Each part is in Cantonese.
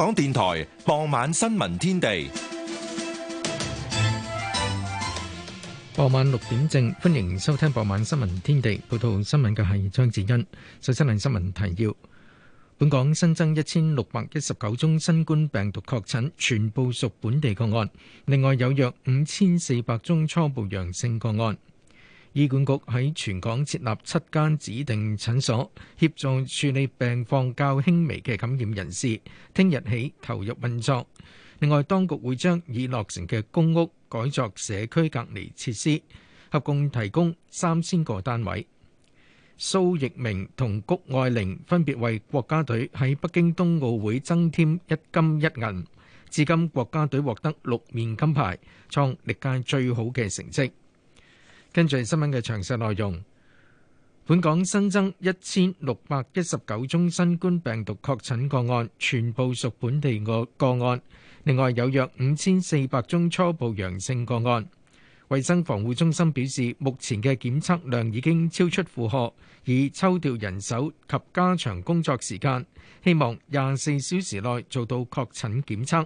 香港電台傍晚新聞天地，傍晚六點正，歡迎收聽傍晚新聞天地。報道新聞嘅係張子欣。首先係新聞提要：本港新增一千六百一十九宗新冠病毒確診，全部屬本地個案。另外有約五千四百宗初步陽性個案。醫管局喺全港設立七間指定診所，協助處理病況較輕微嘅感染人士，聽日起投入運作。另外，當局會將已落成嘅公屋改作社區隔離設施，合共提供三千個單位。蘇翊鳴同谷愛凌分別為國家隊喺北京冬奧會增添一金一銀，至今國家隊獲得六面金牌，創歷屆最好嘅成績。跟住新聞嘅詳細內容，本港新增一千六百一十九宗新冠病毒確診個案，全部屬本地個個案。另外有約五千四百宗初步陽性個案。衞生防護中心表示，目前嘅檢測量已經超出負荷，已抽調人手及加長工作時間，希望廿四小時內做到確診檢測。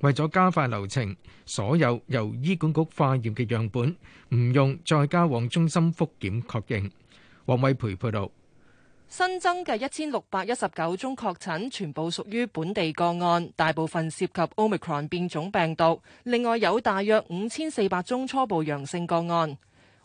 為咗加快流程，所有由醫管局化驗嘅樣本唔用再交往中心複檢確認。黃偉培報道：新增嘅一千六百一十九宗確診，全部屬於本地個案，大部分涉及 Omicron 變種病毒，另外有大約五千四百宗初步陽性個案。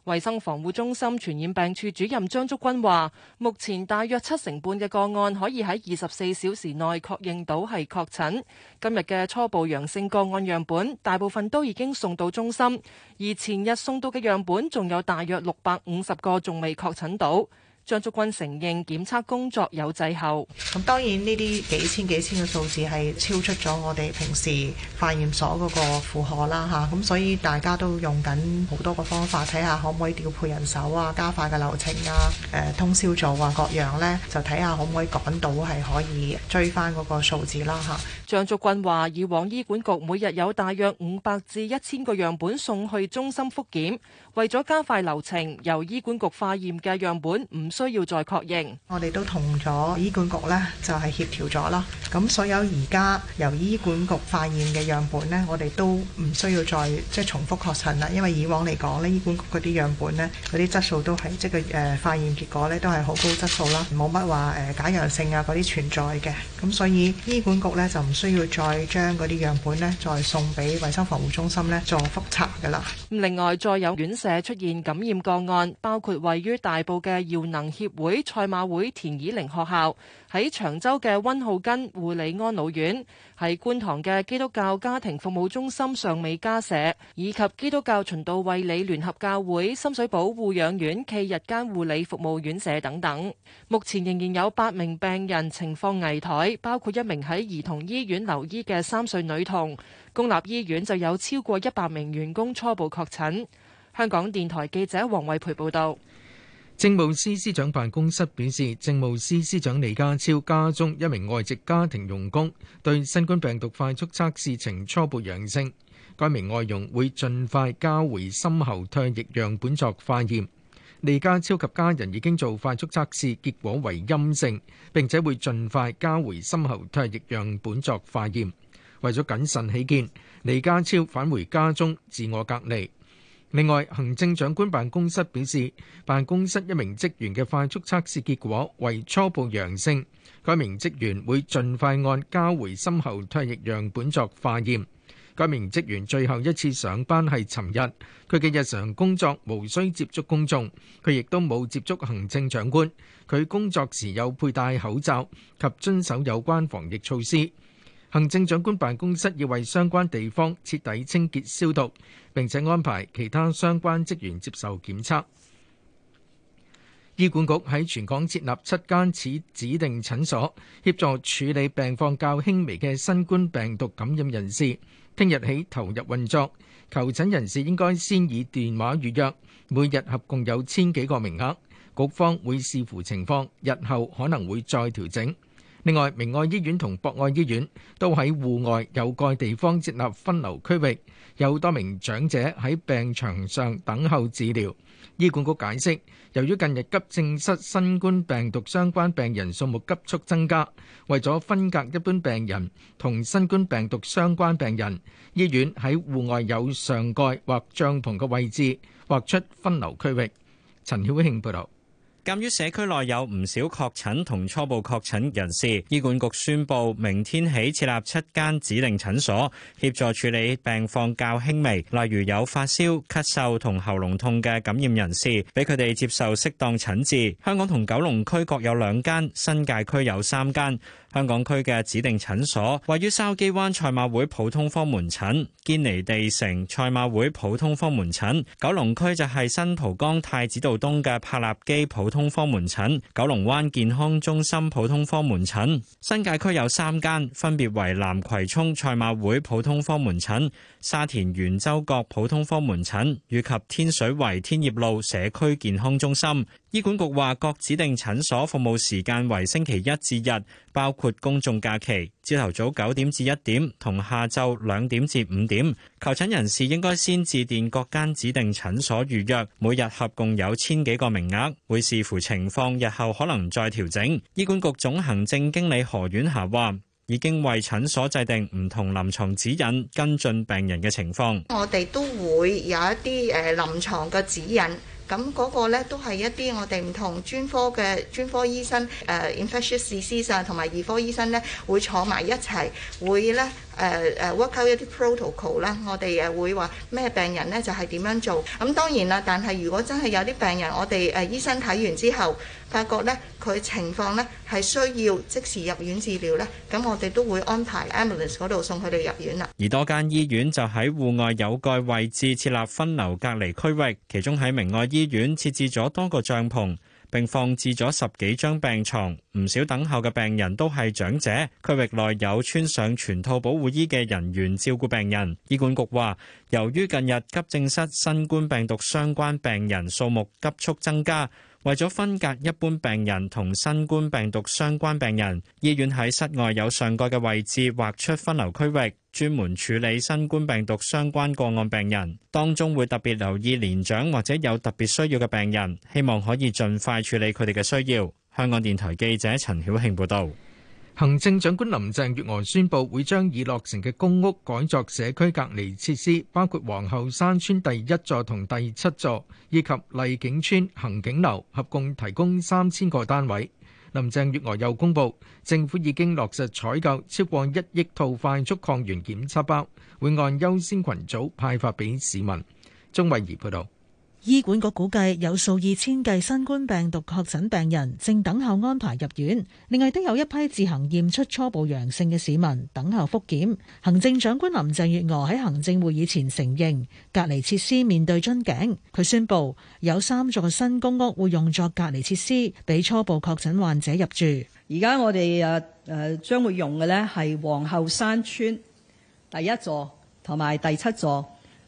衛生防護中心傳染病處主任張竹君話，目前大約七成半嘅個案可以喺二十四小時內確認到係確診。今日嘅初步陽性個案樣本，大部分都已經送到中心，而前日送到嘅樣本，仲有大約六百五十個仲未確診到。張竹君承認檢測工作有滯後，咁當然呢啲幾千幾千嘅數字係超出咗我哋平時化驗所嗰個負荷啦，吓，咁所以大家都用緊好多個方法，睇下可唔可以調配人手啊，加快嘅流程啊，誒通宵做啊各樣呢，就睇下可唔可以趕到係可以追翻嗰個數字啦吓。張竹君話，以往醫管局每日有大約五百至一千個樣本送去中心覆檢，為咗加快流程，由醫管局化驗嘅樣本唔。需要再確認，我哋都同咗醫管局呢，就係協調咗啦。咁所有而家由醫管局化驗嘅樣本呢，我哋都唔需要再即係重複確診啦。因為以往嚟講呢，醫管局嗰啲樣本呢，嗰啲質素都係即係誒化驗結果呢，都係好高質素啦，冇乜話誒假陽性啊嗰啲存在嘅。咁所以醫管局呢，就唔需要再將嗰啲樣本呢，再送俾衞生防護中心呢，做覆查噶啦。另外再有院舍出現感染個案，包括位於大埔嘅耀能協會賽馬會田綺玲學校，喺長洲嘅温浩根護理安老院，喺觀塘嘅基督教家庭服務中心尚美家舍，以及基督教循道衛理聯合教會深水埗護養院暨日間護理服務院舍等等。目前仍然有八名病人情況危殆，包括一名喺兒童醫院留醫嘅三歲女童。公立醫院就有超過一百名員工初步確診。香港電台記者黃慧培報道。政務司司長辦公室表示，政務司司長李家超家中一名外籍家庭傭工對新冠病毒快速測試呈初步陽性，該名外傭會盡快交回深喉唾液樣本作化驗。李家超及家人已經做快速測試，結果為陰性，並且會盡快交回深喉唾液樣本作化驗。為咗謹慎起見，李家超返回家中自我隔離。另外，行政長官辦公室表示，辦公室一名職員嘅快速測試結果為初步陽性，該名職員會盡快按交回深喉唾液樣本作化驗。該名職員最後一次上班係尋日，佢嘅日常工作無需接觸公眾，佢亦都冇接觸行政長官，佢工作時有佩戴口罩及遵守有關防疫措施。行政長官辦公室要為相關地方徹底清潔消毒,並且安排其他相關職員接受檢測。醫管局喺全港設立七間此指定診所,另外，明愛醫院同博愛醫院都喺戶外有蓋地方設立分流區域，有多名長者喺病床上等候治療。醫管局解釋，由於近日急症室新冠病毒相關病人數目急速增加，為咗分隔一般病人同新冠病毒相關病人，醫院喺戶外有上蓋或帳篷嘅位置劃出分流區域。陳曉慶報道。鑒於社區內有唔少確診同初步確診人士，醫管局宣佈明天起設立七間指定診所，協助處理病況較輕微，例如有發燒、咳嗽同喉嚨痛嘅感染人士，俾佢哋接受適當診治。香港同九龍區各有兩間，新界區有三間。香港區嘅指定診所位於筲箕灣賽馬會普通科門診、堅尼地城賽馬會普通科門診。九龍區就係新蒲崗太子道東嘅柏立基普通科門診、九龍灣健康中心普通科門診。新界區有三間，分別為南葵涌賽馬會普通科門診、沙田圓洲角普通科門診，以及天水圍天業路社區健康中心。醫管局話，各指定診所服務時間為星期一至日，包括公眾假期，朝頭早九點至一點，同下晝兩點至五點。求診人士應該先致電各間指定診所預約，每日合共有千幾個名額，會視乎情況日後可能再調整。咁嗰個咧都係一啲我哋唔同專科嘅專科醫生，誒、uh, infectious diseases 同埋兒科醫生咧會坐埋一齊會咧。誒誒 work out 一啲 protocol 啦，我哋誒會話咩病人咧就係點樣做，咁當然啦。但係如果真係有啲病人，我哋誒醫生睇完之後，發覺咧佢情況咧係需要即時入院治療咧，咁我哋都會安排 ambulance 嗰度送佢哋入院啦。而多間醫院就喺戶外有蓋位置設立分流隔離區域，其中喺明愛醫院設置咗多個帳篷。並放置咗十幾張病床，唔少等候嘅病人都係長者。區域內有穿上全套保護衣嘅人員照顧病人。醫管局話，由於近日急症室新冠病毒相關病人數目急速增加。為咗分隔一般病人同新冠病毒相關病人，醫院喺室外有上蓋嘅位置劃出分流區域，專門處理新冠病毒相關個案病人。當中會特別留意年長或者有特別需要嘅病人，希望可以盡快處理佢哋嘅需要。香港電台記者陳曉慶報導。行政長官林鄭月娥宣布，會將已落成嘅公屋改作社區隔離設施，包括皇后山邨第一座同第七座，以及麗景邨恆景樓，合共提供三千個單位。林鄭月娥又公布，政府已經落實採購超過一億套快速抗原檢測包，會按優先群組派發俾市民。鍾慧儀報道。醫管局估計有數以千計新冠病毒確診病人正等候安排入院，另外都有一批自行驗出初步陽性嘅市民等候複檢。行政長官林鄭月娥喺行政會議前承認，隔離設施面對樽頸。佢宣布有三座新公屋會用作隔離設施，俾初步確診患者入住。而家我哋誒誒，將會用嘅呢係皇后山邨第一座同埋第七座，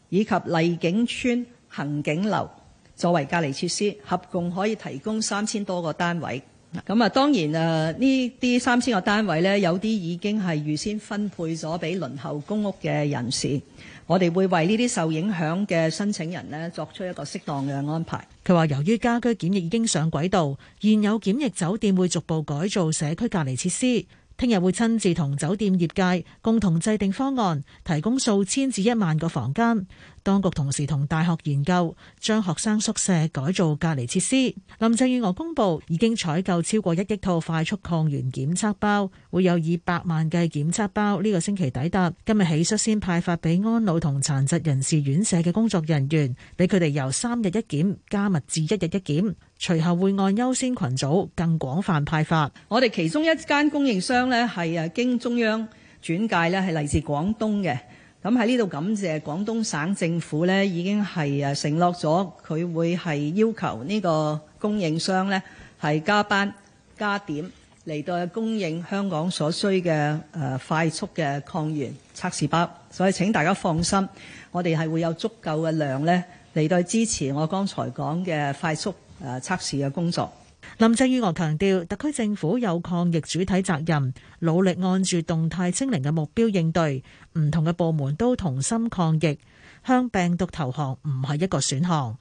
以及麗景邨。恆景樓作為隔離設施，合共可以提供三千多個單位。咁啊，當然啊，呢啲三千個單位呢，有啲已經係預先分配咗俾輪候公屋嘅人士。我哋會為呢啲受影響嘅申請人呢，作出一個適當嘅安排。佢話：由於家居檢疫已經上軌道，現有檢疫酒店會逐步改造社區隔離設施。聽日會親自同酒店業界共同制定方案，提供數千至一萬個房間。當局同時同大學研究將學生宿舍改造隔離設施。林鄭月娥公布已經採購超過一億套快速抗原檢測包，會有以百萬計檢測包呢個星期抵達。今日起率先派發俾安老同殘疾人士院舍嘅工作人員，俾佢哋由三日一檢加密至一日一檢。隨後會按優先群組更廣泛派發。我哋其中一間供應商呢，係誒經中央轉介呢，係嚟自廣東嘅。咁喺呢度感謝廣東省政府咧，已經係誒承諾咗佢會係要求呢個供應商咧係加班加點嚟到供應香港所需嘅誒、呃、快速嘅抗原測試包，所以請大家放心，我哋係會有足夠嘅量咧嚟到支持我剛才講嘅快速誒測試嘅工作。林鄭月娥強調，特區政府有抗疫主體責任，努力按住動態清零嘅目標應對。唔同嘅部門都同心抗疫，向病毒投降唔係一個選項。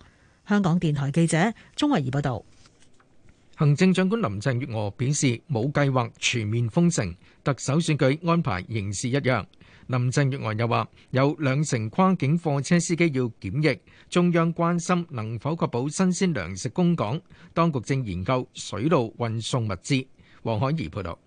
香港電台記者鍾慧儀報道。行政長官林鄭月娥表示，冇計劃全面封城，特首選舉安排仍是一樣。林鄭月娥又話：有兩成跨境貨車司機要檢疫，中央關心能否確保新鮮糧食供港，當局正研究水路運送物資。黃海怡報導。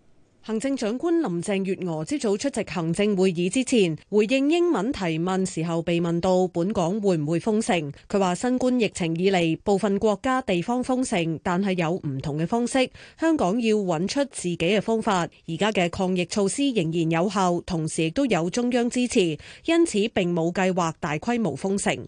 行政長官林鄭月娥朝早出席行政會議之前，回應英文提問時候被問到本港會唔會封城，佢話新冠疫情以嚟，部分國家地方封城，但係有唔同嘅方式，香港要揾出自己嘅方法。而家嘅抗疫措施仍然有效，同時亦都有中央支持，因此並冇計劃大規模封城。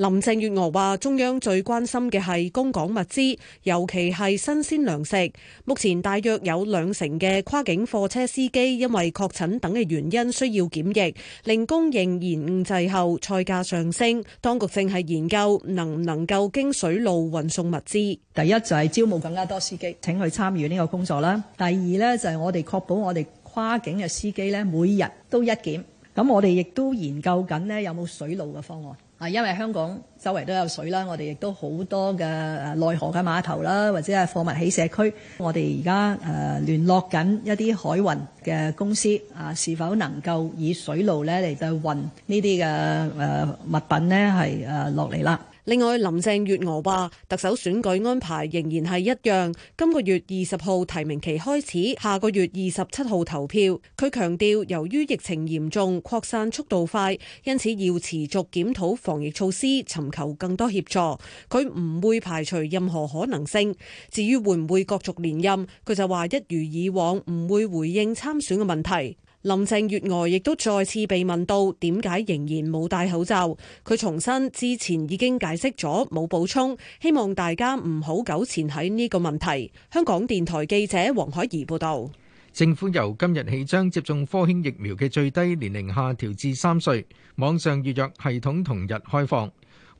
林鄭月娥話：中央最關心嘅係供港物資，尤其係新鮮糧食。目前大約有兩成嘅跨境貨車司機因為確診等嘅原因需要檢疫，令供應延滯後，菜價上升。當局正係研究能唔能夠經水路運送物資。第一就係招募更加多司機，請佢參與呢個工作啦。第二呢，就係我哋確保我哋跨境嘅司機咧，每日都一檢。咁我哋亦都研究緊咧，有冇水路嘅方案。啊，因為香港周圍都有水啦，我哋亦都好多嘅內河嘅碼頭啦，或者係貨物起社區，我哋而家誒聯絡緊一啲海運嘅公司啊，是否能夠以水路咧嚟到運呢啲嘅物品呢？係誒落嚟啦。另外，林鄭月娥話特首選舉安排仍然係一樣，今個月二十號提名期開始，下個月二十七號投票。佢強調，由於疫情嚴重擴散速度快，因此要持續檢討防疫措施，尋求更多協助。佢唔會排除任何可能性。至於會唔會角逐連任，佢就話一如以往唔會回應參選嘅問題。.林鄭月娥亦都再次被問到點解仍然冇戴口罩。佢重申之前已經解釋咗，冇補充，希望大家唔好糾纏喺呢個問題。香港電台記者黃海怡報道:政府由今日起將接種科興疫苗嘅最低年齡下調至三歲，網上預約系統同日開放。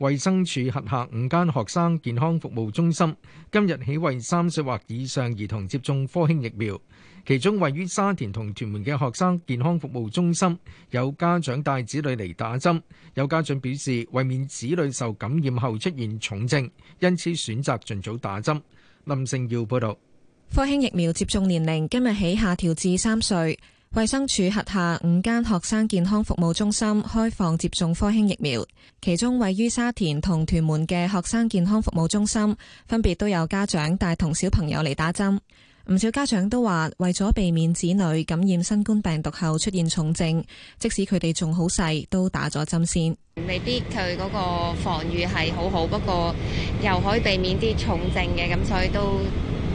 衛生署轄下五間學生健康服務中心，今日起為三歲或以上兒童接種科興疫苗。其中位於沙田同屯門嘅學生健康服務中心，有家長帶子女嚟打針，有家長表示為免子女受感染後出現重症，因此選擇盡早打針，林盛耀報導。唔少家長都話，為咗避免子女感染新冠病毒後出現重症，即使佢哋仲好細，都打咗針先。未必佢嗰個防禦係好好，不過又可以避免啲重症嘅，咁所以都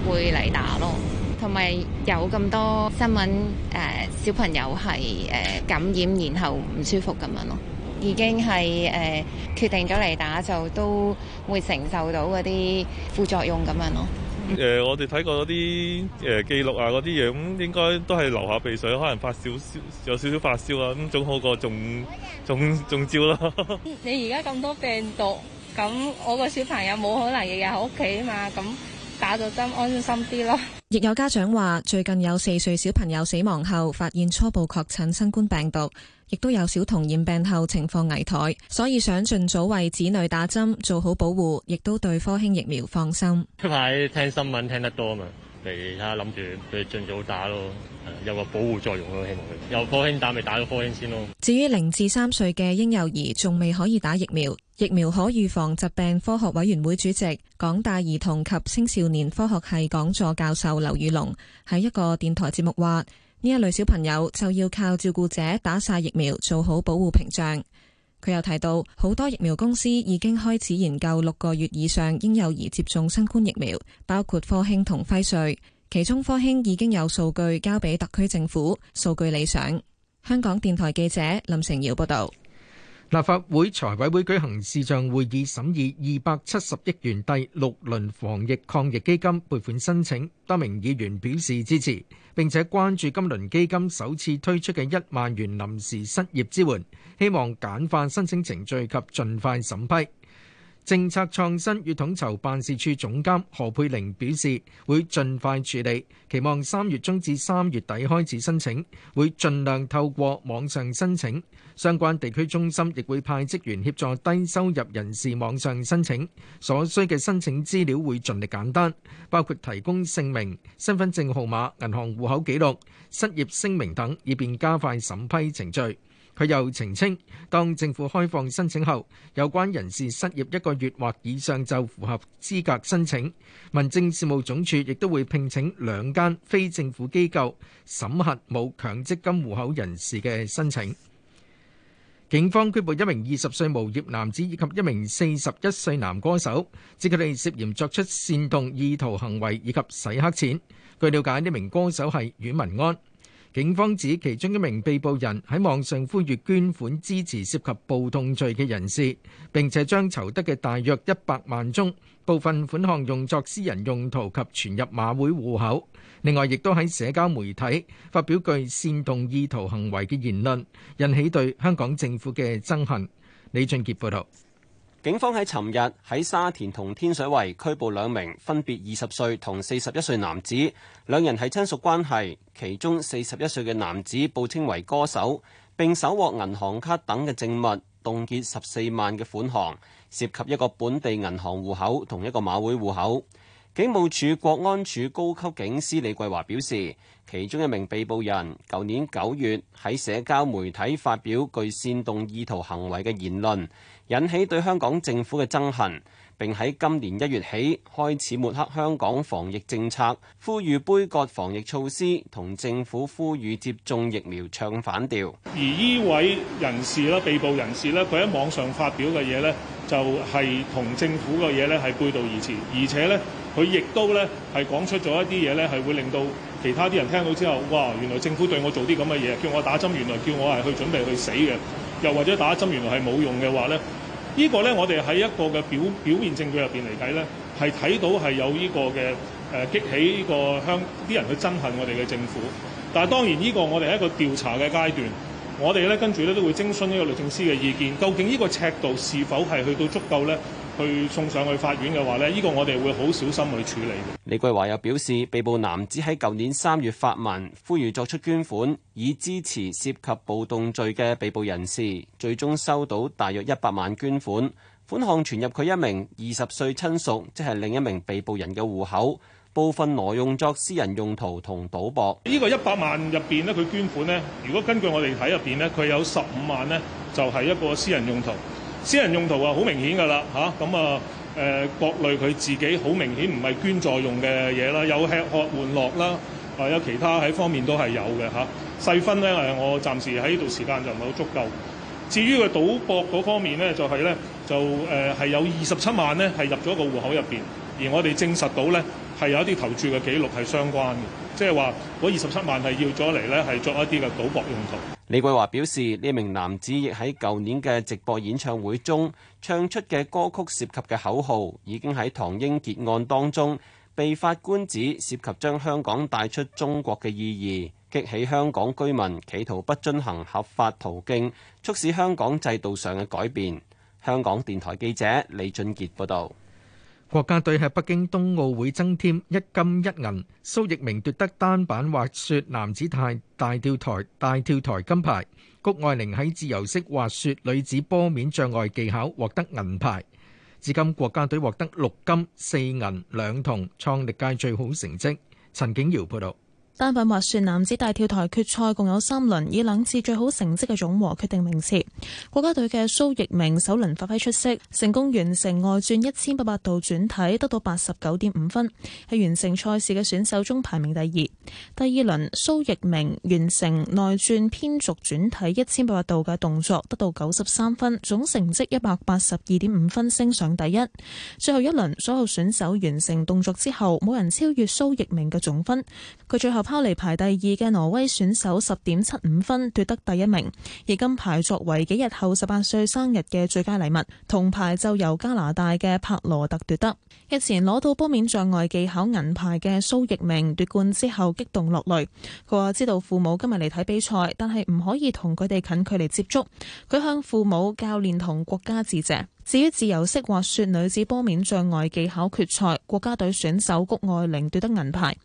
會嚟打咯。同埋有咁多新聞，誒、呃、小朋友係誒、呃、感染然後唔舒服咁樣咯，已經係誒、呃、決定咗嚟打就都會承受到嗰啲副作用咁樣咯。誒、呃，我哋睇過嗰啲誒記錄啊，嗰啲嘢，咁應該都係流下鼻水，可能發少少，有少少發燒啊，咁總好過中中中招咯。你而家咁多病毒，咁我個小朋友冇可能日日喺屋企啊嘛，咁。打咗針安心啲咯。亦有家長話，最近有四歲小朋友死亡後，發現初步確診新冠病毒，亦都有小童染病後情況危殆，所以想盡早為子女打針，做好保護，亦都對科興疫苗放心。呢排聽新聞聽得多啊嘛。其他諗住佢盡早打咯，有個保護作用咯，希望佢。有科興打咪打咗科興先咯。至於零至三歲嘅嬰幼兒仲未可以打疫苗，疫苗可預防疾病科學委員會主席、港大兒童及青少年科學系講座教授劉宇龍喺一個電台節目話，呢一類小朋友就要靠照顧者打晒疫苗，做好保護屏障。佢又提到，好多疫苗公司已經開始研究六個月以上嬰幼兒接種新冠疫苗，包括科興同輝瑞。其中科興已經有數據交俾特區政府，數據理想。香港電台記者林成耀報道。立法會財委會舉行視像會議，審議二百七十億元第六輪防疫抗疫基金撥款申請，多名議員表示支持，並且關注今輪基金首次推出嘅一萬元臨時失業支援，希望簡化申請程序及盡快審批。政策創新與統籌辦事處總監何佩玲表示，會盡快處理，期望三月中至三月底開始申請，會盡量透過網上申請。相關地區中心亦會派職員協助低收入人士網上申請，所需嘅申請資料會盡力簡單，包括提供姓名、身份證號碼、銀行戶口記錄、失業聲明等，以便加快審批程序。佢又澄清，當政府開放申請後，有關人士失業一個月或以上就符合資格申請。民政事務總署亦都會聘請兩間非政府機構審核冇強積金戶口人士嘅申請。警方拘捕一名二十歲無業男子以及一名四十一歲男歌手，指佢哋涉嫌作出煽動、意圖行為以及洗黑錢。據了解，呢名歌手係阮文安。警方指其中一名被捕人喺網上呼籲捐款支持涉及暴動罪嘅人士並且將籌得嘅大約警方喺尋日喺沙田同天水圍拘捕兩名分別二十歲同四十一歲男子，兩人係親屬關係。其中四十一歲嘅男子報稱為歌手，並搜獲銀行卡等嘅證物，凍結十四萬嘅款項，涉及一個本地銀行戶口同一個馬會戶口。警務處國安處高級警司李桂華表示，其中一名被捕人，舊年九月喺社交媒體發表具煽動意圖行為嘅言論。引起對香港政府嘅憎恨，並喺今年一月起開始抹黑香港防疫政策，呼籲杯葛防疫措施，同政府呼籲接種疫苗唱反調。而呢位人士咧、被捕人士咧，佢喺網上發表嘅嘢咧，就係同政府嘅嘢咧係背道而馳，而且咧佢亦都咧係講出咗一啲嘢咧，係會令到其他啲人聽到之後，哇！原來政府對我做啲咁嘅嘢，叫我打針，原來叫我係去準備去死嘅。又或者打針原來係冇用嘅話呢。呢、呢個呢，我哋喺一個嘅表表面證據入邊嚟睇呢，係睇到係有呢個嘅誒、呃、激起呢個鄉啲人去憎恨我哋嘅政府。但係當然呢個我哋係一個調查嘅階段，我哋呢，跟住呢都會徵詢呢個律政司嘅意見，究竟呢個尺度是否係去到足夠呢？去送上去法院嘅話，呢、這、呢個我哋會好小心去處理。李桂華又表示，被捕男子喺舊年三月發文，呼籲作出捐款以支持涉及暴動罪嘅被捕人士，最終收到大約一百萬捐款，款項存入佢一名二十歲親屬，即係另一名被捕人嘅戶口，部分挪用作私人用途同賭博。呢個一百萬入邊咧，佢捐款咧，如果根據我哋睇入邊咧，佢有十五萬咧，就係一個私人用途。私人用途啊，好、呃、明顯㗎啦，嚇咁啊，誒各類佢自己好明顯唔係捐助用嘅嘢啦，有吃喝玩樂啦，啊有其他喺方面都係有嘅嚇、啊。細分咧誒，我暫時喺呢度時間就唔係好足夠。至於個賭博嗰方面咧，就係、是、咧就誒係、呃、有二十七萬咧係入咗個戶口入邊，而我哋證實到咧係有一啲投注嘅記錄係相關嘅。即係話，嗰二十七萬係要咗嚟，呢係作一啲嘅賭博用途。李桂華表示，呢名男子亦喺舊年嘅直播演唱會中唱出嘅歌曲涉及嘅口號，已經喺唐英傑案當中被法官指涉及將香港帶出中國嘅意義，激起香港居民企圖不遵行合法途徑，促使香港制度上嘅改變。香港電台記者李俊傑報道。國家隊喺北京冬奧會增添一金一銀，蘇翊鳴奪得單板滑雪男子大大跳台大跳台金牌，谷愛凌喺自由式滑雪女子坡面障礙技巧獲得銀牌。至今國家隊獲得六金四銀兩銅，創歷屆最好成績。陳景堯報道。單板滑雪男子大跳台決賽共有三輪，以兩次最好成績嘅總和決定名次。國家隊嘅蘇翊鳴首輪發揮出色，成功完成外轉一千八百度轉體，得到八十九點五分，係完成賽事嘅選手中排名第二。第二輪，蘇翊鳴完成內轉偏軸轉體一千八百度嘅動作，得到九十三分，總成績一百八十二點五分，升上第一。最後一輪，所有選手完成動作之後，冇人超越蘇翊鳴嘅總分，佢最後。拋離排第二嘅挪威選手十點七五分奪得第一名，而金牌作為幾日後十八歲生日嘅最佳禮物。銅牌就由加拿大嘅帕羅特奪得。日前攞到坡面障礙技巧銀牌嘅蘇翊鳴奪冠之後激動落淚，佢話知道父母今日嚟睇比賽，但係唔可以同佢哋近距離接觸，佢向父母教練同國家致謝。至於自由式滑雪女子坡面障礙技巧決賽，國家隊選手谷愛玲奪得銀牌。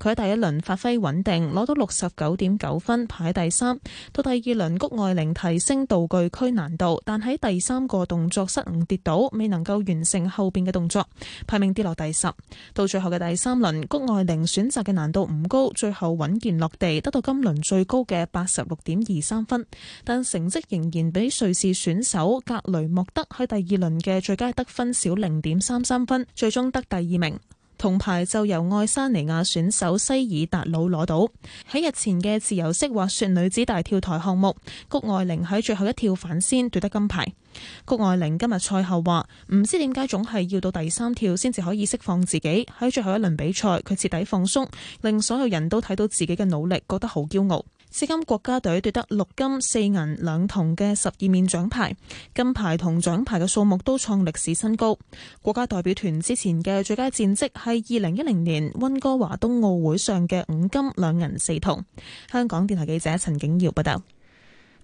佢喺第一輪發揮穩定，攞到六十九點九分，排第三。到第二輪，谷愛玲提升道具區難度，但喺第三個動作失誤跌倒，未能夠完成後邊嘅動作，排名跌落第十。到最後嘅第三輪，谷愛玲選擇嘅難度唔高，最後穩健落地，得到今輪最高嘅八十六點二三分，但成績仍然比瑞士選手格雷莫德去第二。二輪嘅最佳得分少零點三三分，最終得第二名。銅牌就由愛沙尼亞選手西爾達魯攞到。喺日前嘅自由式滑雪女子大跳台項目，谷愛玲喺最後一跳反先奪得金牌。谷愛玲今日賽後話：唔知點解總係要到第三跳先至可以釋放自己。喺最後一輪比賽，佢徹底放鬆，令所有人都睇到自己嘅努力，覺得好驕傲。至今，國家隊奪得六金四銀兩銅嘅十二面獎牌，金牌同獎牌嘅數目都創歷史新高。國家代表團之前嘅最佳戰績係二零一零年溫哥華冬奧會上嘅五金兩銀四銅。香港電台記者陳景耀報道。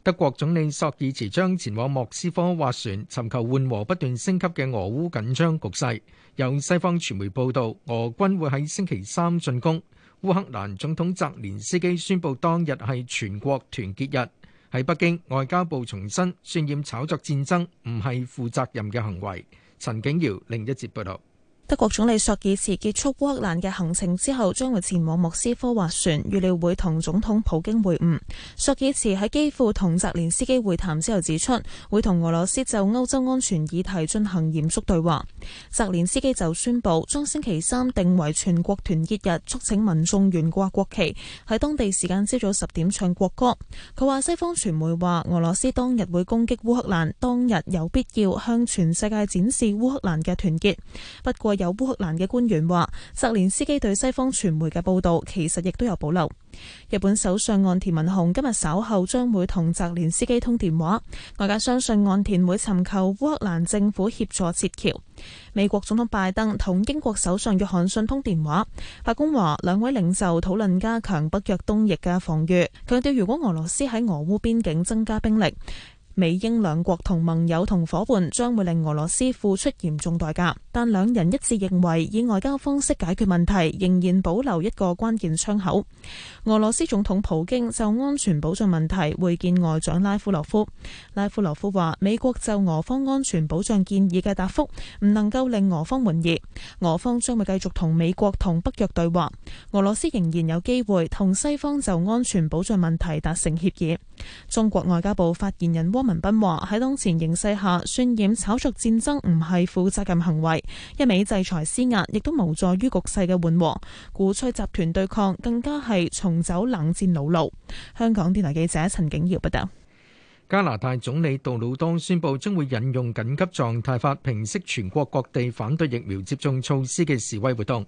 德國總理朔爾茨將前往莫斯科划船，尋求緩和不斷升級嘅俄烏緊張局勢。有西方傳媒報道，俄軍會喺星期三進攻。烏克蘭總統澤連斯基宣布當日係全國團結日。喺北京，外交部重申，渲染炒作戰爭唔係負責任嘅行為。陳景堯另一節報道。德國總理索爾茨結束烏克蘭嘅行程之後，將會前往莫斯科劃船，預料會同總統普京會晤。索爾茨喺基輔同澤連斯基會談之後指出，會同俄羅斯就歐洲安全議題進行嚴肅對話。澤連斯基就宣布將星期三定為全國團結日，促請民眾懸掛國旗，喺當地時間朝早十點唱國歌。佢話西方傳媒話俄羅斯當日會攻擊烏克蘭，當日有必要向全世界展示烏克蘭嘅團結。不過有有烏克蘭嘅官員話，澤連斯基對西方傳媒嘅報道其實亦都有保留。日本首相岸田文雄今日稍後將會同澤連斯基通電話，外界相信岸田會尋求烏克蘭政府協助撤僑。美國總統拜登同英國首相約翰遜通電話，白宮話兩位領袖討論加強北約東翼嘅防禦，強調如果俄羅斯喺俄烏邊境增加兵力，美英兩國同盟友同夥伴將會令俄羅斯付出嚴重代價。但兩人一致認為，以外交方式解決問題仍然保留一個關鍵窗口。俄羅斯總統普京就安全保障問題會見外長拉夫羅夫。拉夫羅夫話：美國就俄方安全保障建議嘅答覆唔能夠令俄方滿意，俄方將會繼續同美國同北約對話。俄羅斯仍然有機會同西方就安全保障問題達成協議。中國外交部發言人汪文斌話：喺當前形勢下，渲染炒作戰爭唔係負責任行為。一味制裁施壓，亦都無助於局勢嘅緩和，鼓吹集團對抗，更加係重走冷戰老路。香港電台記者陳景瑤報道。加拿大總理杜魯多宣布將會引用緊急狀態法，平息全國各地反對疫苗接種措施嘅示威活動。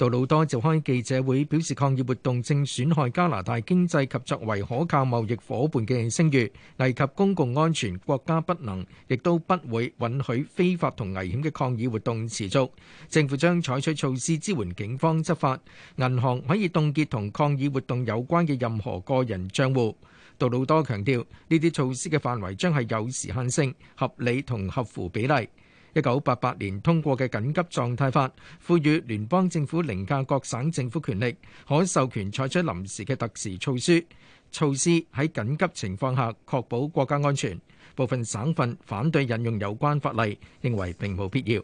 杜魯多召開記者會表示，抗議活動正損害加拿大經濟及作為可靠貿易夥伴嘅聲譽，危及公共安全。國家不能，亦都不會允許非法同危險嘅抗議活動持續。政府將採取措施支援警方執法，銀行可以凍結同抗議活動有關嘅任何個人帳戶。杜魯多強調，呢啲措施嘅範圍將係有時限性、合理同合乎比例。1988年通過嘅緊急狀態法賦予聯邦政府凌駕各省政府權力可授權採取臨時嘅特殊措施措施喺緊急情況下確保國家安全。部分省份反對引用有關法例，認為並冇必要。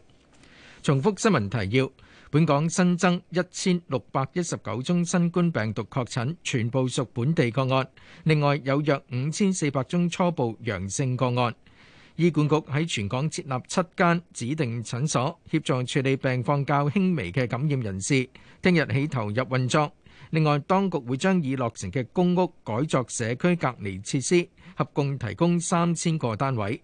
重複新聞提要：本港新增1619宗新冠病毒確診，全部屬本地個案。另外有約5400宗初步陽性個案醫管局喺全港設立七間指定診所，協助處理病況較輕微嘅感染人士。聽日起投入運作。另外，當局會將已落成嘅公屋改作社區隔離設施，合共提供三千個單位。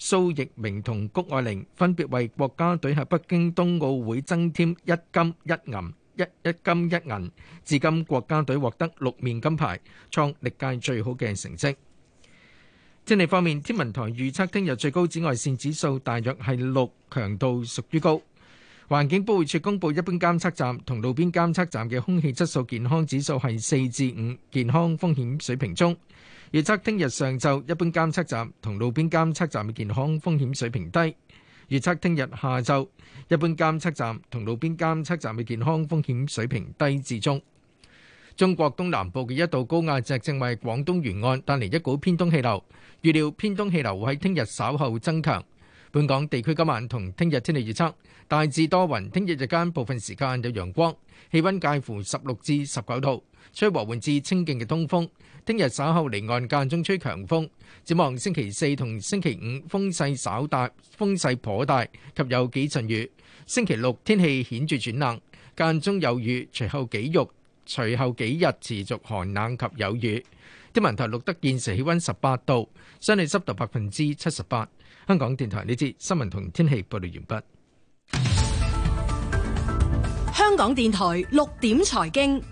蘇翊明同谷愛玲分別為國家隊喺北京冬奧會增添一金一銀，一一金一銀。至今國家隊獲得六面金牌，創歷屆最好嘅成績。天氣方面，天文台預測聽日最高紫外線指數大約係六，強度屬於高。環境保護署公布一般監測站同路邊監測站嘅空氣質素健康指數係四至五，健康風險水平中。預測聽日上晝一般監測站同路邊監測站嘅健康風險水平低。預測聽日下晝一般監測站同路邊監測站嘅健康風險水平低至中。中國東南部嘅一道高壓脊正為廣東沿岸帶嚟一股偏東氣流，預料偏東氣流會喺聽日稍後增強。本港地區今晚同聽日天氣預測，大致多雲，聽日日間部分時間有陽光，氣溫介乎隨後幾日持續寒冷及有雨。天文台錄得現時氣溫十八度，相對濕度百分之七十八。香港電台呢節新聞同天氣報道完畢。香港電台六點財經，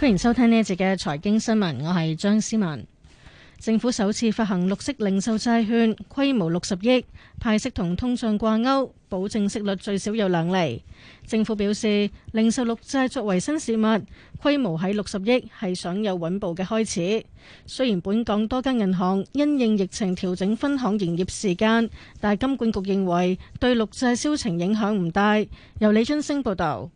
歡迎收聽呢一節嘅財經新聞，我係張思文。政府首次發行綠色零售債券，規模六十億，派息同通脹掛鈎，保證息率最少有兩厘，政府表示，零售綠債作為新事物，規模喺六十億係想有穩步嘅開始。雖然本港多間銀行因應疫情調整分行營業時間，但金管局認為對綠債銷情影響唔大。由李津升報道。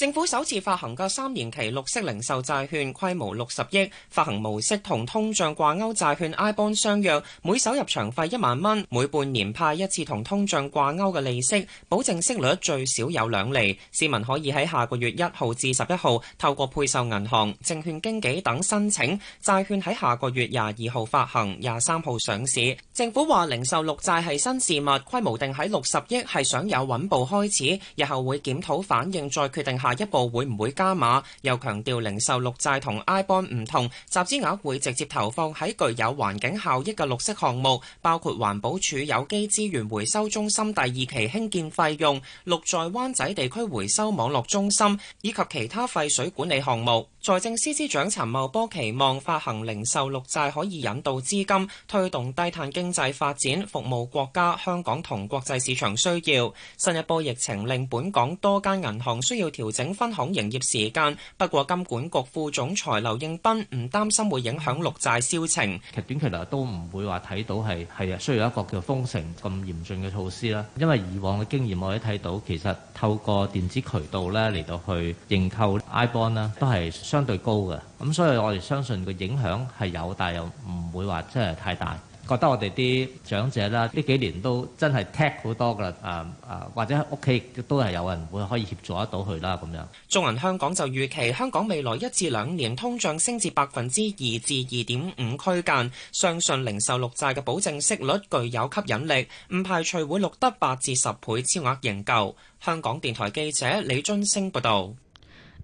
政府首次發行嘅三年期綠色零售債券規模六十億，發行模式同通脹掛鈎債券 I bond 相若每手入場費一萬蚊，每半年派一次同通脹掛鈎嘅利息，保證息率最少有兩厘，市民可以喺下個月一號至十一號透過配售銀行、證券經紀等申請債券，喺下個月廿二號發行，廿三號上市。政府話零售綠債係新事物，規模定喺六十億，係想有穩步開始，日後會檢討反應再決定下。下一步會唔會加碼？又強調零售綠債同 iBond 唔同，集資額會直接投放喺具有環境效益嘅綠色項目，包括環保署有機資源回收中心第二期興建費用、綠在灣仔地區回收網絡中心以及其他廢水管理項目。財政司司長陳茂波期望發行零售綠債可以引導資金推動低碳經濟發展，服務國家、香港同國際市場需要。新一波疫情令本港多間銀行需要調整。整分行營業時間，不過金管局副總裁劉應斌唔擔心會影響六債銷情。其短期嚟都唔會話睇到係係需要一個叫封城咁嚴峻嘅措施啦。因為以往嘅經驗我哋睇到其實透過電子渠道咧嚟到去認購 I bond 啦，都係相對高嘅。咁所以我哋相信個影響係有，但又唔會話真係太大。覺得我哋啲長者啦，呢幾年都真係 tag 好多噶啦，誒、啊、誒、啊，或者屋企都係有人會可以協助得到佢啦咁樣。中銀香港就預期香港未來一至兩年通脹升至百分之二至二點五區間，相信零售綠債嘅保證息率具有吸引力，唔排除會錄得八至十倍超額認購。香港電台記者李津升報道。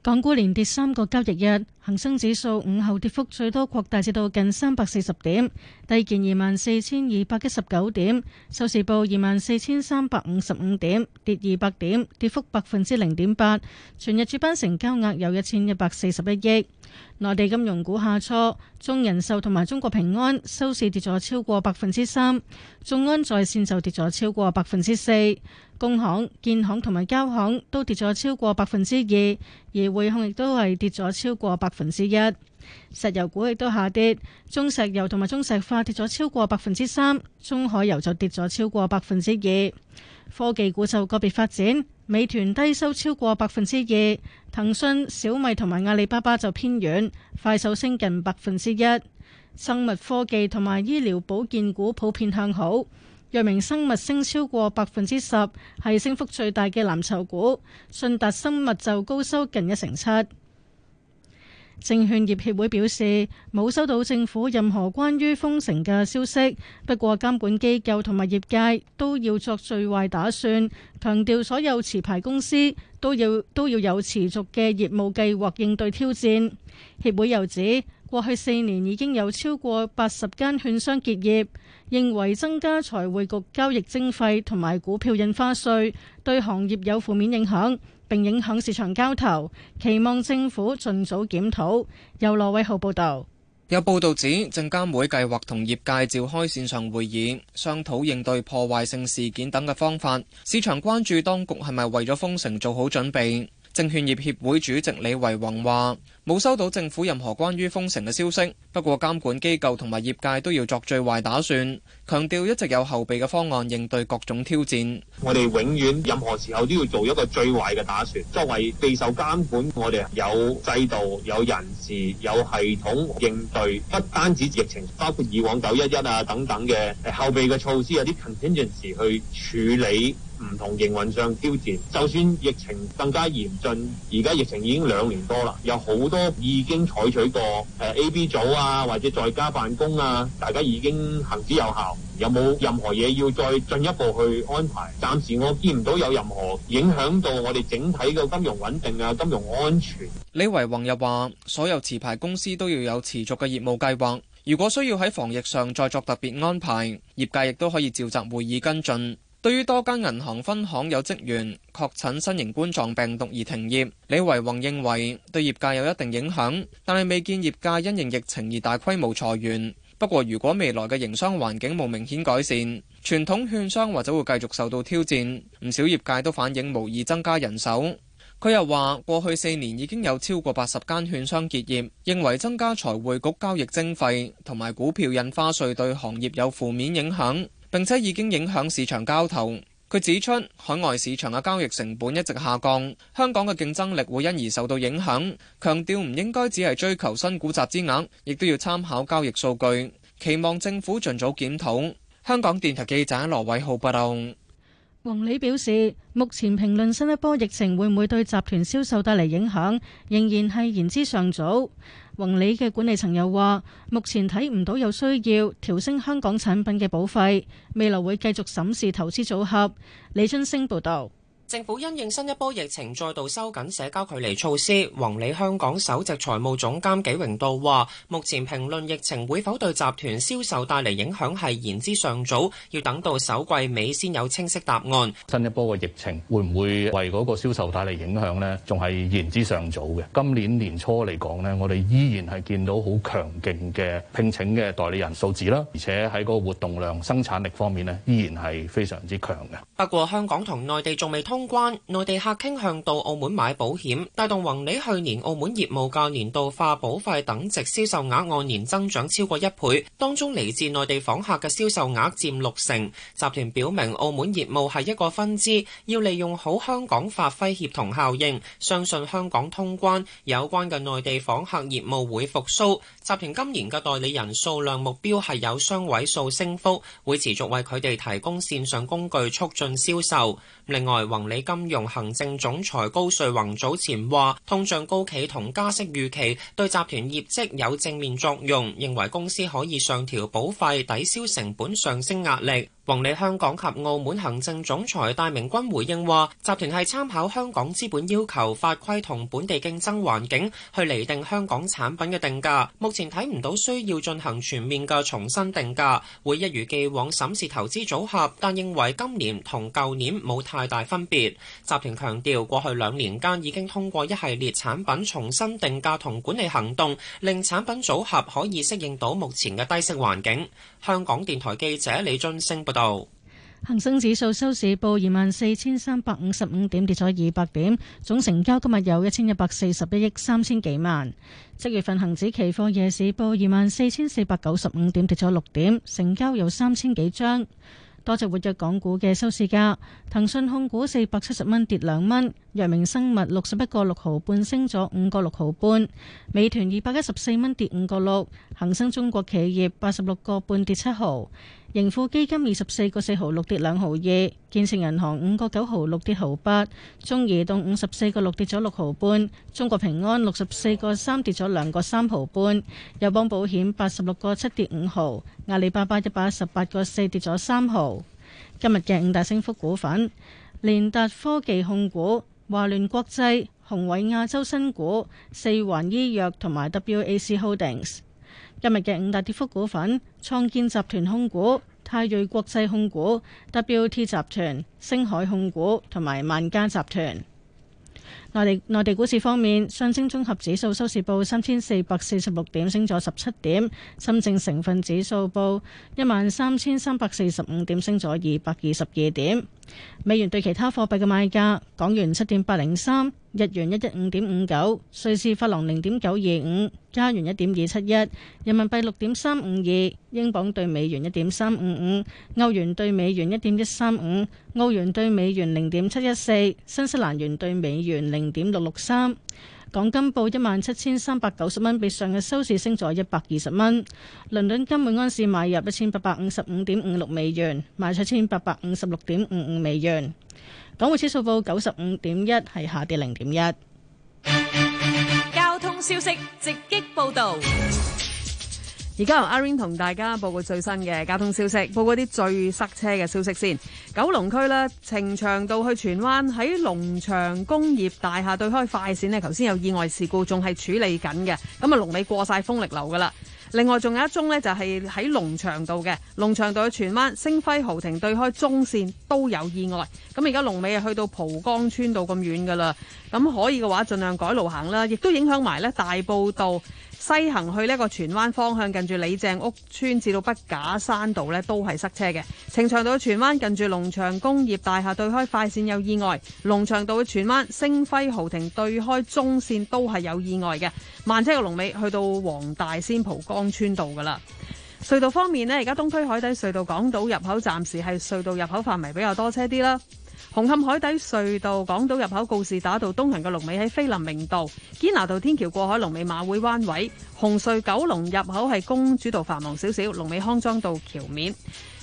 港股連跌三個交易日，恒生指數午後跌幅最多擴大至到近三百四十點，低見二萬四千二百一十九點，收市報二萬四千三百五十五點，跌二百點，跌幅百分之零點八。全日主板成交額有一千一百四十一億。內地金融股下挫，中人壽同埋中國平安收市跌咗超過百分之三，眾安在線就跌咗超過百分之四，工行、建行同埋交行都跌咗超過百分之二，而匯控亦都係跌咗超過百分之一。石油股亦都下跌，中石油同埋中石化跌咗超過百分之三，中海油就跌咗超過百分之二。科技股就個別發展。美團低收超過百分之二，騰訊、小米同埋阿里巴巴就偏軟，快手升近百分之一。生物科技同埋醫療保健股普遍向好，藥明生物升超過百分之十，係升幅最大嘅藍籌股。信達生物就高收近一成七。證券業協會表示冇收到政府任何關於封城嘅消息，不過監管機構同埋業界都要作最壞打算，強調所有持牌公司都要都要有持續嘅業務計劃應對挑戰。協會又指過去四年已經有超過八十間券商結業，認為增加財匯局交易徵費同埋股票印花稅對行業有負面影響。並影響市場交投，期望政府盡早檢討。由羅偉浩報道。有報道指，證監會計劃同業界召開線上會議，商討應對破壞性事件等嘅方法。市場關注當局係咪為咗封城做好準備。證券業協會主席李維宏話：冇收到政府任何關於封城嘅消息，不過監管機構同埋業界都要作最壞打算，強調一直有後備嘅方案應對各種挑戰。我哋永遠任何時候都要做一個最壞嘅打算。作為備受監管，我哋有制度、有人事、有系統應對，不單止疫情，包括以往九一一啊等等嘅後備嘅措施，有啲 contingency 去處理。唔同營運上挑戰，就算疫情更加嚴峻，而家疫情已經兩年多啦，有好多已經採取過 A B 組啊，或者在家辦公啊，大家已經行之有效。有冇任何嘢要再進一步去安排？暫時我見唔到有任何影響到我哋整體嘅金融穩定啊、金融安全。李維宏又話：所有持牌公司都要有持續嘅業務計劃，如果需要喺防疫上再作特別安排，業界亦都可以召集會議跟進。對於多間銀行分行有職員確診新型冠狀病毒而停業，李維宏認為對業界有一定影響，但係未見業界因應疫情而大規模裁員。不過，如果未來嘅營商環境冇明顯改善，傳統券商或者會繼續受到挑戰。唔少業界都反映無意增加人手。佢又話：過去四年已經有超過八十間券商結業，認為增加財匯局交易徵費同埋股票印花稅對行業有負面影響。並且已經影響市場交投。佢指出，海外市場嘅交易成本一直下降，香港嘅競爭力會因而受到影響。強調唔應該只係追求新股集資額，亦都要參考交易數據。期望政府盡早檢討。香港電台記者羅偉浩報道。黃理表示，目前評論新一波疫情會唔會對集團銷售帶嚟影響，仍然係言之尚早。宏利嘅管理層又話：目前睇唔到有需要調升香港產品嘅保費，未來會繼續審視投資組合。李春升報道。政府因應新一波疫情再度收緊社交距離措施,宏利香港首席財務總監紀榮道話,目前評論疫情會否對集團銷售帶嚟影響係言之尚早,要等到首季尾先有清晰答案。通關，內地客傾向到澳門買保險，帶動宏利去年澳門業務嘅年度化保費等值銷售額按年增長超過一倍，當中嚟自內地訪客嘅銷售額佔六成。集團表明，澳門業務係一個分支，要利用好香港發揮協同效應，相信香港通關有關嘅內地訪客業務會復甦。集團今年嘅代理人數量目標係有雙位數升幅，會持續為佢哋提供綫上工具促進銷售。另外，宏利金融行政總裁高瑞宏早前話，通脹高企同加息預期對集團業績有正面作用，認為公司可以上調保費抵消成本上升壓力。宏利香港及澳門行政總裁戴明君回應話：集團係參考香港資本要求法規同本地競爭環境去釐定香港產品嘅定價，目前睇唔到需要進行全面嘅重新定價，會一如既往審視投資組合，但認為今年同舊年冇太大分別。集團強調，過去兩年間已經通過一系列產品重新定價同管理行動，令產品組合可以適應到目前嘅低息環境。香港電台記者李俊升報。到恒生指數收市報二萬四千三百五十五點，跌咗二百點。總成交今日有一千一百四十一億三千幾萬。七月份恒指期貨夜市報二萬四千四百九十五點，跌咗六點，成交有三千幾張。多隻活躍港股嘅收市價：騰訊控股四百七十蚊跌兩蚊，藥明生物六十一個六毫半升咗五個六毫半，美團二百一十四蚊跌五個六，恒生中國企業八十六個半跌七毫。盈富基金二十四個四毫六跌兩毫二，建設銀行五個九毫六跌毫八，中移動五十四個六跌咗六毫半，中國平安六十四個三跌咗兩個三毫半，友邦保險八十六個七跌五毫，阿里巴巴一百一十八個四跌咗三毫。今日嘅五大升幅股份：聯達科技控股、華聯國際、宏偉亞洲新股、四環醫藥同埋 WAC Holdings。今日嘅五大跌幅股份：創建集團控股、泰瑞國際控股、WT 集團、星海控股同埋萬家集團。內地內地股市方面，上證綜合指數收市報三千四百四十六點，升咗十七點；深證成分指數報一萬三千三百四十五點，升咗二百二十二點。美元對其他貨幣嘅賣價：港元七點八零三，日元一一五點五九，瑞士法郎零點九二五，加元一點二七一，人民幣六點三五二，英鎊對美元一點三五五，歐元對美元一點一三五，澳元對美元零點七一四，新西蘭元對美元零點六六三。港金報一萬七千三百九十蚊，比上日收市升咗一百二十蚊。倫敦金每安士買入一千八百五十五點五六美元，賣出一千八百五十六點五五美元。港匯指數報九十五點一，係下跌零點一。交通消息直擊報道。而家由阿 Ring 同大家報告最新嘅交通消息，報告啲最塞車嘅消息先。九龍區咧，呈祥道去荃灣喺龍翔工業大廈對開快線呢頭先有意外事故，仲係處理緊嘅。咁啊，龍尾過晒風力流噶啦。另外仲有一宗呢，就係喺龍翔道嘅龍翔道去荃灣星輝豪庭對開中線都有意外。咁而家龍尾去到蒲崗村道咁遠噶啦。咁可以嘅話，盡量改路行啦。亦都影響埋呢，大埔道。西行去呢一個荃灣方向，近住李鄭屋村至到北假山道呢都係塞車嘅。呈祥道去荃灣，近住龍翔工業大廈對開快線有意外。龍翔道去荃灣星輝豪庭對開中線都係有意外嘅。慢車嘅龍尾去到黃大仙蒲崗村道噶啦。隧道方面呢，而家東區海底隧道港島入口暫時係隧道入口範圍比較多車啲啦。紅磡海底隧道港島入口告士打道東行嘅龍尾喺菲林明道，堅拿道天橋過海龍尾馬會灣位。紅隧九龍入口係公主道，繁忙少少，龍尾康莊道橋面。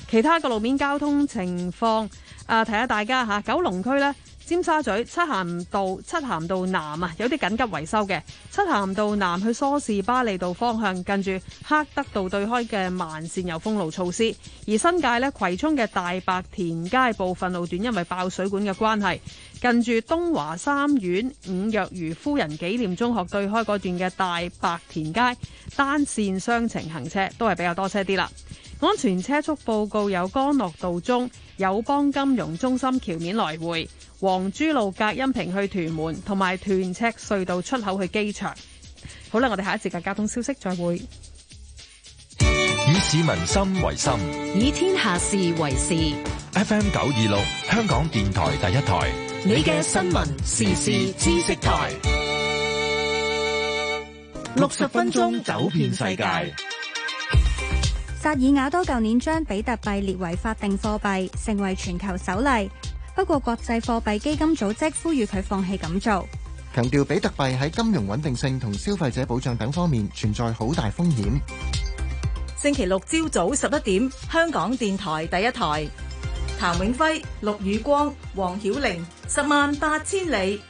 其他嘅路面交通情況、呃、啊，睇下大家吓九龍區呢。尖沙咀漆咸道漆咸道南啊，有啲緊急維修嘅。漆咸道南去梳士巴利道方向，近住黑德道對開嘅慢綫有封路措施。而新界咧，葵涌嘅大白田街部分路段，因為爆水管嘅關係，近住東華三院伍若瑜夫人紀念中學對開嗰段嘅大白田街單綫雙程行車，都係比較多車啲啦。安全車速報告有干諾道中，友邦金融中心橋面來回、皇珠路隔音屏去屯門，同埋屯赤隧道出口去機場。好啦，我哋下一節嘅交通消息再會。以市民心為心，以天下事為事。FM 九二六，香港電台第一台，你嘅新聞時事知識台，六十分鐘走遍世界。薩爾瓦多舊年將比特幣列為法定貨幣，成為全球首例。不過，國際貨幣基金組織呼籲佢放棄噉做，強調比特幣喺金融穩定性同消費者保障等方面存在很大風險。星期六朝早十一點，香港電台第一台。譚永輝、陸宇光、黃曉玲，十萬八千里。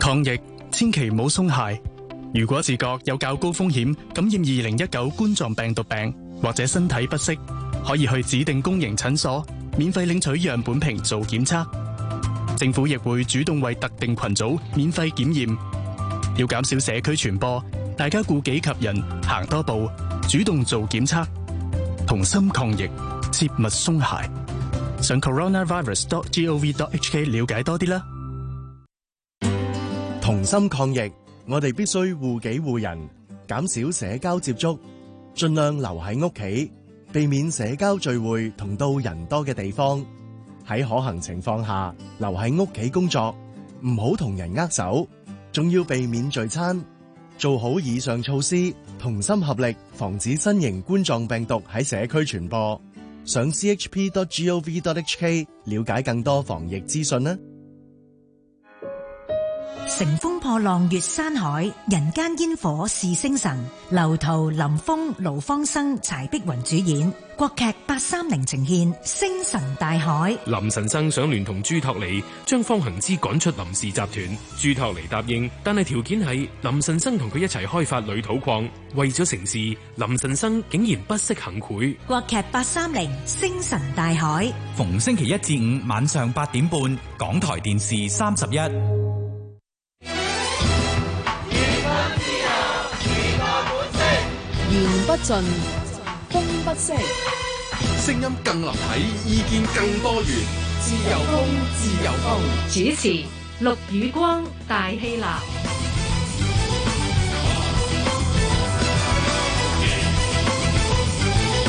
抗疫，千祈唔好鬆懈。如果自覺有較高風險感染二零一九冠狀病毒病，或者身體不適，可以去指定公營診所免費領取樣本瓶做檢測。政府亦會主動為特定群組免費檢驗。要減少社區傳播，大家顧己及人，行多步，主動做檢測，同心抗疫，切勿鬆懈。上 coronavirus.gov.hk 了解多啲啦。同心抗疫。我哋必須護己護人，減少社交接觸，盡量留喺屋企，避免社交聚會同到人多嘅地方。喺可行情況下，留喺屋企工作，唔好同人握手，仲要避免聚餐。做好以上措施，同心合力，防止新型冠狀病毒喺社區傳播。上 chp.gov.hk 了解更多防疫資訊啦。乘風破浪越山海，人間煙火是星辰。劉濤、林峰、盧芳生、柴碧雲主演國劇。言不盡，風不息，聲音更立體，意見更多元，自由風，自由風。主持：陸雨光、大希臘。